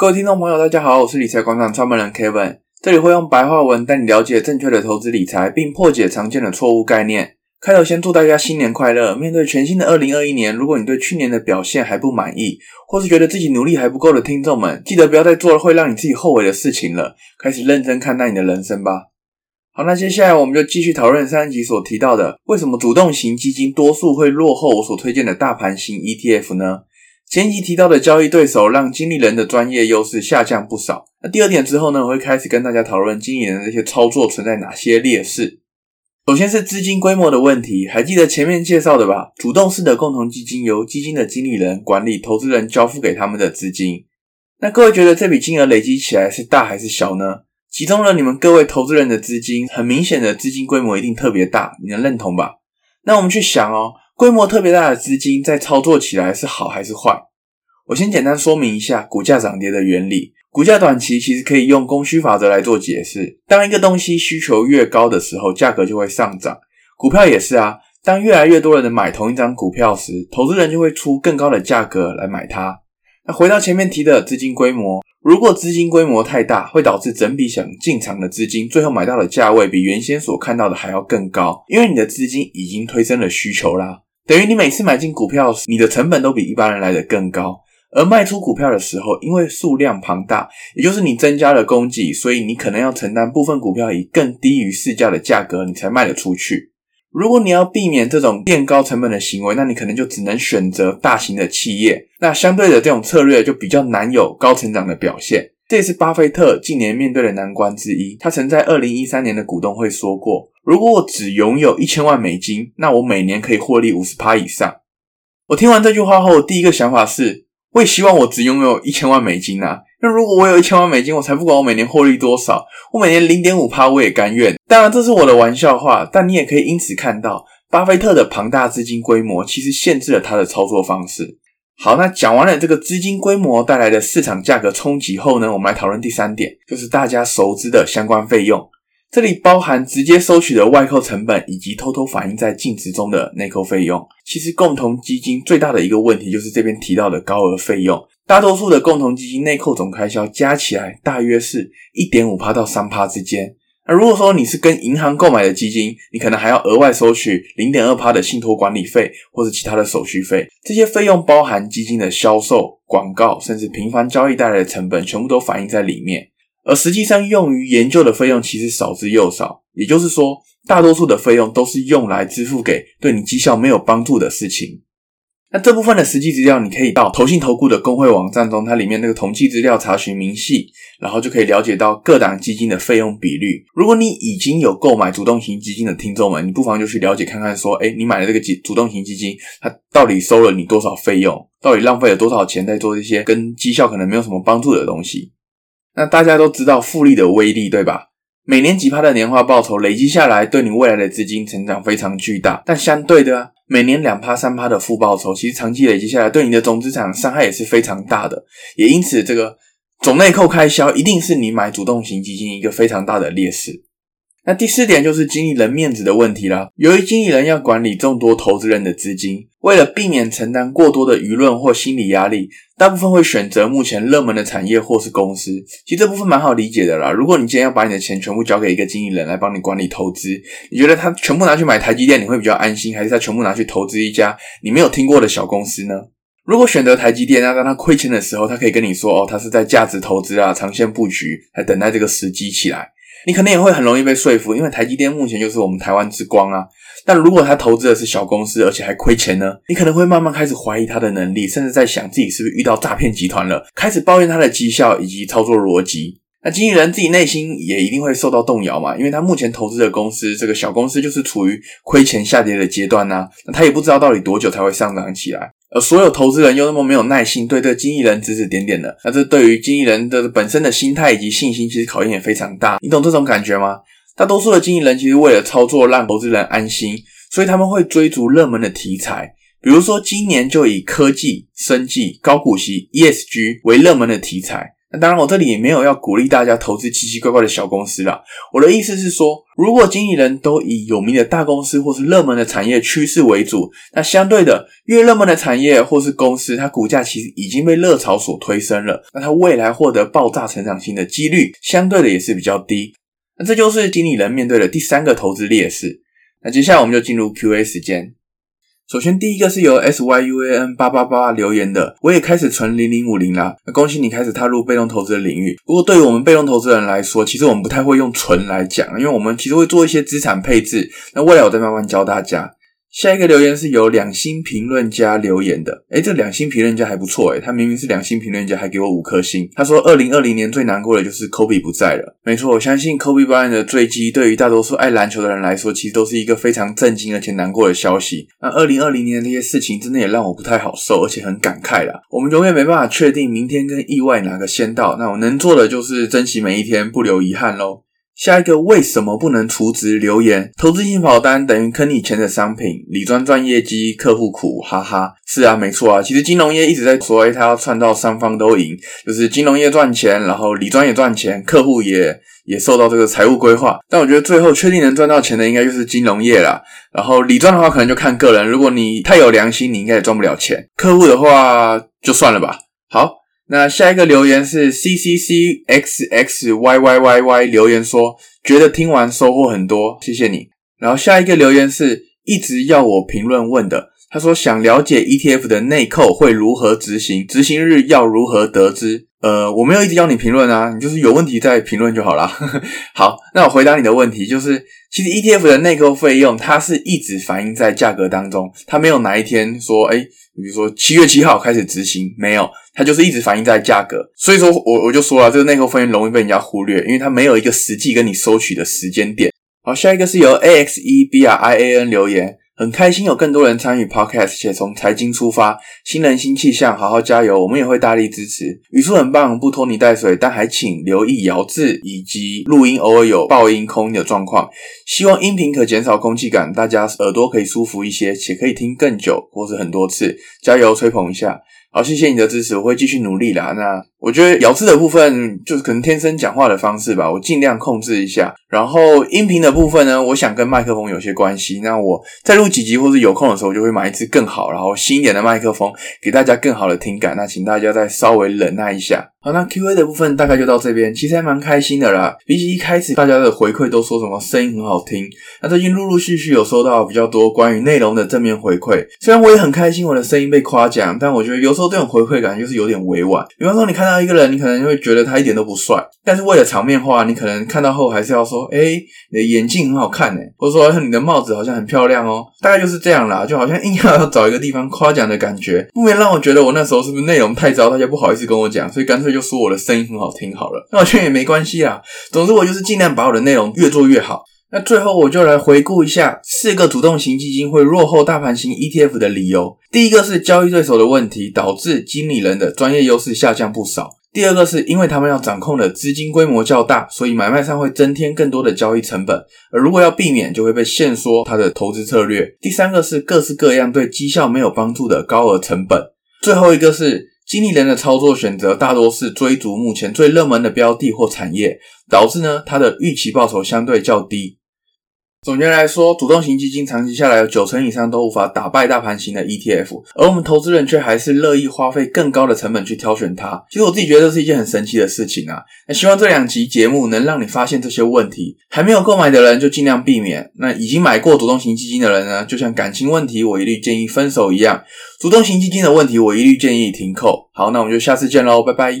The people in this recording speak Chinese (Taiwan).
各位聽眾朋友，大家好，我是理財廣場創辦人 Kevin，這裡會用白話文帶你了解正確的投資理財，並破解常見的錯誤概念。開頭先祝大家新年快樂！面對全新的2021年，如果你對去年的表現還不滿意，或是覺得自己努力還不夠的聽眾們，記得不要再做會讓你自己後悔的事情了，開始認真看待你的人生吧。好，那接下來我們就繼續討論上一集所提到的，為什麼主動型基金多數會落後我所推薦的大盤型 ETF 呢？前一集提到的交易對手讓經理人的專業優勢下降不少。那第二點之後呢？我會開始跟大家討論經理人的這些操作存在哪些劣勢。首先是資金規模的問題，還記得前面介紹的吧？主動式的共同基金由基金的經理人管理，投資人交付給他們的資金。那各位覺得這筆金額累積起來是大還是小呢？集中了你們各位投資人的資金，很明顯的資金規模一定特別大，你能認同吧？那我們去想哦，規模特別大的資金在操作起來是好還是壞？我先簡單說明一下股價漲跌的原理。股價短期其實可以用供需法則來做解釋。當一個東西需求越高的時候，價格就會上漲。股票也是啊，當越來越多人買同一張股票時，投資人就會出更高的價格來買它。那回到前面提的資金規模，如果資金規模太大，會導致整筆想進場的資金最後買到的價位比原先所看到的還要更高，因為你的資金已經推升了需求啦。等於你每次買進股票時，你的成本都比一般人來得更高。而賣出股票的時候，因為數量龐大，也就是你增加了供給，所以你可能要承擔部分股票以更低於市價的價格你才賣得出去。如果你要避免這種墊高成本的行為，那你可能就只能選擇大型的企業。那相對的，這種策略就比較難有高成長的表現。這也是巴菲特近年面對的難關之一。他曾在二零一三年的股東會說過：“如果我只擁有一千萬美金，那我每年可以獲利五十趴以上。”我聽完這句話後，第一個想法是。我也希望我只擁有一千萬美金啊！那如果我有一千萬美金，我才不管我每年獲利多少，我每年零點五趴我也甘願。當然，這是我的玩笑話，但你也可以因此看到，巴菲特的龐大資金規模其實限制了他的操作方式。好，那講完了這個資金規模帶來的市場價格衝擊後呢，我們來討論第三點，就是大家熟知的相關費用。這裡包含直接收取的外扣成本，以及偷偷反映在淨值中的內扣費用。其實，共同基金最大的一個問題就是這邊提到的高額費用。大多數的共同基金內扣總開銷加起來大約是一點五趴到三趴之間。那如果說你是跟銀行購買的基金，你可能還要額外收取零點二趴的信託管理費或者其他的手續費。這些費用包含基金的銷售、廣告，甚至頻繁交易帶來的成本，全部都反映在裡面。而實際上，用於研究的費用其實少之又少，也就是說，大多數的費用都是用來支付給對你績效沒有幫助的事情。那這部分的實際資料，你可以到投信投顧的公會網站中，它裡面那個統計資料查詢明細，然後就可以了解到各檔基金的費用比率。如果你已經有購買主動型基金的聽眾們，你不妨就去了解看看，說，哎，你買了這個基主動型基金，它到底收了你多少費用，到底浪費了多少錢在做一些跟績效可能沒有什麼幫助的東西。那大家都知道複利的威力，對吧？每年幾趴的年化報酬累積下來，對你未來的資金成長非常巨大。但相對的啊，每年兩趴三趴的負報酬，其實長期累積下來，對你的總資產的傷害也是非常大的。也因此，這個總內扣開銷一定是你買主動型基金一個非常大的劣勢。那第四點就是經理人面子的問題啦。由於經理人要管理眾多投資人的資金，為了避免承擔過多的輿論或心理壓力，大部分會選擇目前熱門的產業或是公司。其實這部分蠻好理解的啦。如果你今天要把你的錢全部交給一個經理人來幫你管理投資，你覺得他全部拿去買台積電，你會比較安心，還是他全部拿去投資一家你沒有聽過的小公司呢？如果選擇台積電，那當他虧錢的時候，他可以跟你說：“哦，他是在價值投資啊，長線布局，還等待這個時機起來。”你可能也會很容易被說服，因為台積電目前就是我們台灣之光啊。但如果他投資的是小公司，而且還虧錢呢？你可能會慢慢開始懷疑他的能力，甚至在想自己是不是遇到詐騙集團了，開始抱怨他的績效以及操作邏輯。那經理人自己內心也一定會受到動搖嘛，因為他目前投資的公司，這個小公司就是處於虧錢下跌的階段啊，那他也不知道到底多久才會上漲起來。呃，所有投資人又那麼沒有耐心，對這個經理人指指點點的，那這對於經理人的本身的心態以及信心，其實考驗也非常大。你懂這種感覺嗎？大多數的經理人其實為了操作讓投資人安心，所以他們會追逐熱門的題材，比如說今年就以科技、生技、高股息、ESG 為熱門的題材。那當然，我這裡也沒有要鼓勵大家投資奇奇怪怪的小公司啦，我的意思是說，如果經理人都以有名的大公司或是熱門的產業趨勢為主，那相對的，越熱門的產業或是公司，它股價其實已經被熱潮所推升了，那它未來獲得爆炸成長性的幾率，相對的也是比較低。那這就是經理人面對的第三個投資劣勢。那接下來我們就進入 Q&A 時間。首先，第一個是由 SYUAN 888留言的，我也開始存0050啦。恭喜你開始踏入被動投資的領域。不過，對於我們被動投資人來說，其實我們不太會用存來講，因為我們其實會做一些資產配置。那未來我再慢慢教大家。下一個留言是由兩星評論家留言的，哎，這兩星評論家還不錯，哎，他明明是兩星評論家，還給我五顆星。他說，二零二零年最難過的就是 Kobe 不在了。沒錯，我相信 Kobe Bryant 的墜機，對於大多數愛籃球的人來說，其實都是一個非常震驚而且難過的消息。那二零二零年的這些事情，真的也讓我不太好受，而且很感慨啦。我們永遠沒辦法確定明天跟意外哪個先到，那我能做的就是珍惜每一天，不留遺憾嘍。下一個為什麼不能儲值留言，投資性保單等於坑你錢的商品，理專賺業績，客戶苦，哈哈。是啊，沒錯啊。其實金融業一直在說，欸，他要賺到三方都贏，就是金融業賺錢，然後理專也賺錢，客戶也也受到這個財務規劃。但我覺得最後確定能賺到錢的，應該就是金融業啦。然後理專的話，可能就看個人，如果你太有良心，你應該也賺不了錢。客戶的話，就算了吧。好。那下一個留言是 c c c x x y y y y，留言說覺得聽完收穫很多，謝謝你。然後下一個留言是一直要我評論問的。他說：“想了解 ETF 的內扣會如何執行，執行日要如何得知？呃，我沒有一直叫你評論啊，你就是有問題再評論就好啦。呵呵，好，那我回答你的問題，就是其實 ETF 的內扣費用它是一直反映在價格當中，它沒有哪一天說，哎、欸，比如說七月七號開始執行，沒有，它就是一直反映在價格。所以說我我就說啊，這個內扣費用容易被人家忽略，因為它沒有一個實際跟你收取的時間點。好，下一個是由 A X E B R I A N 留言。”很開心有更多人參與 Podcast，且從財經出發，新人新氣象，好好加油！我們也會大力支持。語速很棒，不拖泥帶水，但還請留意咬字以及錄音偶爾有爆音、空音的狀況。希望音頻可減少空氣感，大家耳朵可以舒服一些，且可以聽更久或是很多次。加油，吹捧一下！好，謝謝你的支持，我會繼續努力啦。那我覺得咬字的部分，就是可能天生講話的方式吧，我盡量控制一下。然後音頻的部分呢，我想跟麥克風有些關係。那我再錄幾集或者有空的時候，我就會買一支更好、然後新一點的麥克風，給大家更好的聽感。那請大家再稍微忍耐一下。好，那 QA 的部分大概就到這邊，其實還蠻開心的啦。比起一開始大家的回饋都說什麼聲音很好聽，那最近陸陸續續有收到比較多關於內容的正面回饋。雖然我也很開心我的聲音被誇獎，但我覺得有時候這種回饋感就是有點委婉。比方說你看到一個人，你可能就會覺得他一點都不帥，但是為了場面話，你可能看到後還是要說：“欸，你的眼鏡很好看欸，或者說你的帽子好像很漂亮喔。”大概就是這樣啦，就好像硬要找一個地方誇獎的感覺，不免讓我覺得我那時候是不是內容太糟，大家不好意思跟我講，所以乾脆就。就說我的聲音很好聽好了，那我覺得也沒關係啊。總之我就是盡量把我的內容越做越好。那最後我就來回顧一下四個主動型基金會落後大盤型 ETF 的理由。第一個是交易對手的問題，導致經理人的專業優勢下降不少。第二個是因為他們要掌控的資金規模較大，所以買賣上會增添更多的交易成本。而如果要避免，就會被限縮它的投資策略。第三個是各式各樣對績效沒有幫助的高額成本。最後一個是。經理人的操作選擇大多是追逐目前最熱門的標的或產業，導致呢，它的預期報酬相對較低。總結來說，主動型基金長期下來有九成以上都無法打敗大盤型的 ETF，而我們投資人卻還是樂意花費更高的成本去挑選它。其實我自己覺得這是一件很神奇的事情啊！那希望這兩集節目能讓你發現這些問題，還沒有購買的人就盡量避免。那已經買過主動型基金的人呢，就像感情問題我一律建議分手一樣，主動型基金的問題我一律建議停扣。好，那我們就下次見嘍，拜拜。